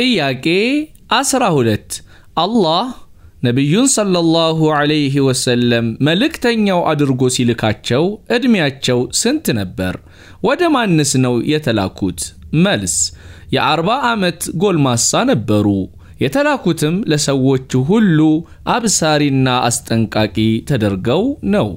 ጥያቄ 12 አላህ ነቢዩን ሰለላሁ ዐለይሂ ወሰለም መልእክተኛው አድርጎ ሲልካቸው ዕድሜያቸው ስንት ነበር? ወደ ማንስ ነው የተላኩት? መልስ የአርባ ዓመት ጎልማሳ ነበሩ። የተላኩትም ለሰዎቹ ሁሉ አብሳሪና አስጠንቃቂ ተደርገው ነው።